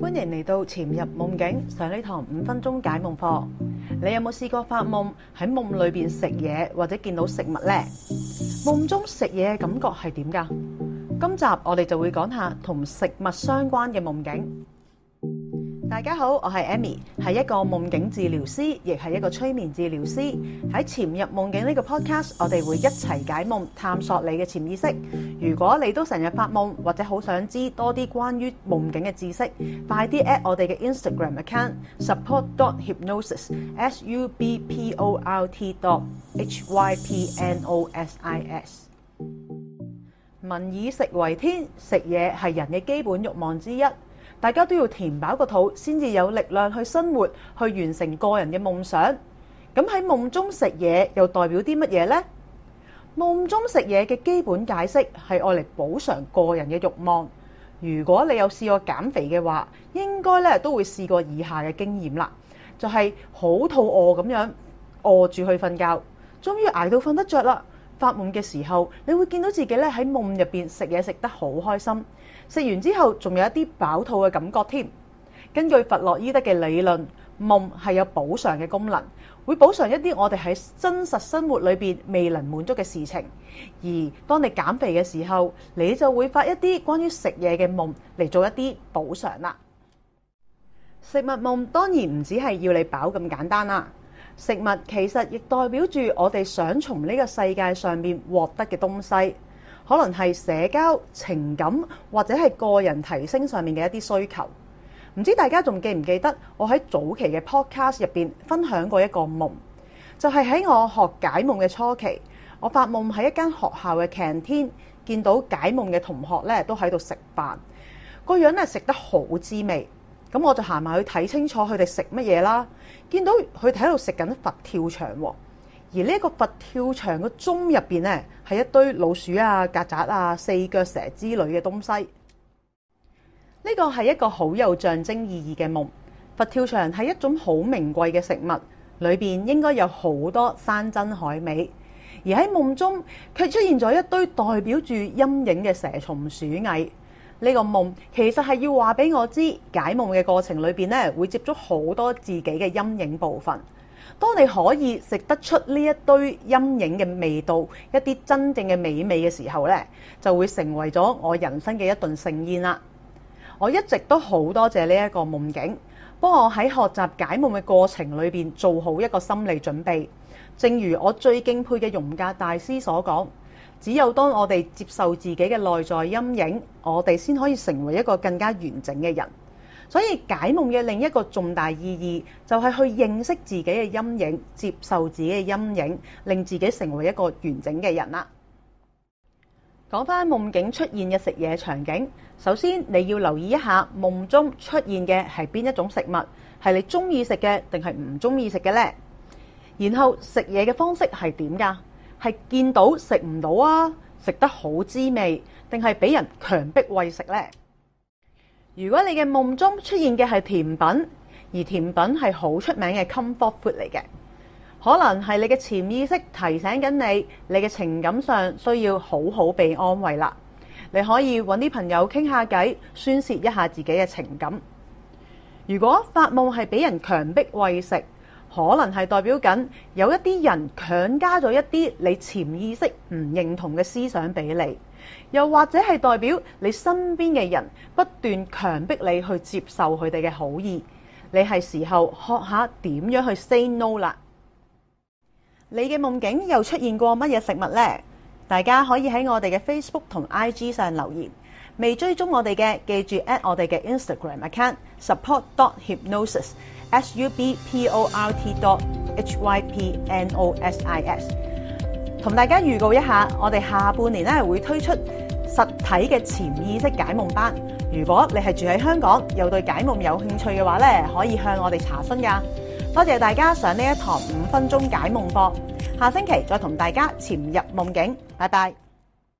歡迎嚟到潛入夢境，上呢堂五分鐘解夢課。你有冇試過發夢喺夢裏邊食嘢或者見到食物呢？夢中食嘢嘅感覺係點噶？今集我哋就會講下同食物相關嘅夢境。大家好，我係 Amy，係一個夢境治療師，亦係一個催眠治療師。喺潛入夢境呢個 podcast，我哋會一齊解夢，探索你嘅潛意識。如果你都成日發夢，或者好想知多啲關於夢境嘅知識，快啲 at 我哋嘅 Instagram account support dot hypnosis s u b p o r t dot h y p n o s i s。民以食為天，食嘢係人嘅基本慾望之一。大家都要填飽個肚，先至有力量去生活，去完成個人嘅夢想。咁喺夢中食嘢又代表啲乜嘢呢？夢中食嘢嘅基本解釋係愛嚟補償個人嘅慾望。如果你有試過減肥嘅話，應該咧都會試過以下嘅經驗啦，就係好肚餓咁樣餓住去瞓覺，終於捱到瞓得着啦。發夢嘅時候，你會見到自己咧喺夢入邊食嘢，食得好開心，食完之後仲有一啲飽肚嘅感覺添。根據弗洛伊德嘅理論，夢係有補償嘅功能，會補償一啲我哋喺真實生活裏邊未能滿足嘅事情。而當你減肥嘅時候，你就會發一啲關於食嘢嘅夢嚟做一啲補償啦。食物夢當然唔止係要你飽咁簡單啦。食物其實亦代表住我哋想從呢個世界上面獲得嘅東西，可能係社交、情感或者係個人提升上面嘅一啲需求。唔知大家仲記唔記得我喺早期嘅 podcast 入面分享過一個夢，就係喺我學解夢嘅初期，我發夢喺一間學校嘅 canteen 見到解夢嘅同學呢都喺度食飯，個樣咧食得好滋味。咁我就行埋去睇清楚佢哋食乜嘢啦，見到佢哋喺度食緊佛跳牆喎，而呢個佛跳牆嘅盅入邊呢，係一堆老鼠啊、曱甴啊、四腳蛇之類嘅東西。呢個係一個好有象徵意義嘅夢。佛跳牆係一種好名貴嘅食物，裏邊應該有好多山珍海味，而喺夢中卻出現咗一堆代表住陰影嘅蛇蟲鼠蟻。呢個夢其實係要話俾我知，解夢嘅過程裏邊咧，會接觸好多自己嘅陰影部分。當你可以食得出呢一堆陰影嘅味道，一啲真正嘅美味嘅時候咧，就會成為咗我人生嘅一頓盛宴啦。我一直都好多謝呢一個夢境，幫我喺學習解夢嘅過程裏邊做好一個心理準備。正如我最敬佩嘅容格大師所講。只有當我哋接受自己嘅內在陰影，我哋先可以成為一個更加完整嘅人。所以解夢嘅另一個重大意義，就係去認識自己嘅陰影，接受自己嘅陰影，令自己成為一個完整嘅人啦。講翻夢境出現嘅食嘢場景，首先你要留意一下夢中出現嘅係邊一種食物，係你中意食嘅定係唔中意食嘅呢？然後食嘢嘅方式係點噶？係見到食唔到啊，食得好滋味，定係俾人強迫餵食呢？如果你嘅夢中出現嘅係甜品，而甜品係好出名嘅 comfort food 嚟嘅，可能係你嘅潛意識提醒緊你，你嘅情感上需要好好被安慰啦。你可以揾啲朋友傾下偈，宣洩一下自己嘅情感。如果發夢係俾人強迫餵食，可能係代表緊有一啲人強加咗一啲你潛意識唔認同嘅思想俾你，又或者係代表你身邊嘅人不斷強迫你去接受佢哋嘅好意，你係時候學下點樣去 say no 啦。你嘅夢境又出現過乜嘢食物呢？大家可以喺我哋嘅 Facebook 同 IG 上留言。未追蹤我哋嘅，記住 at 我哋嘅 Instagram account subport dot hypnosis s u b p o r t dot h y p n o s i s。同大家預告一下，我哋下半年咧會推出實體嘅潛意識解夢班。如果你係住喺香港又對解夢有興趣嘅話咧，可以向我哋查詢㗎。多謝大家上呢一堂五分鐘解夢課，下星期再同大家潛入夢境。拜拜。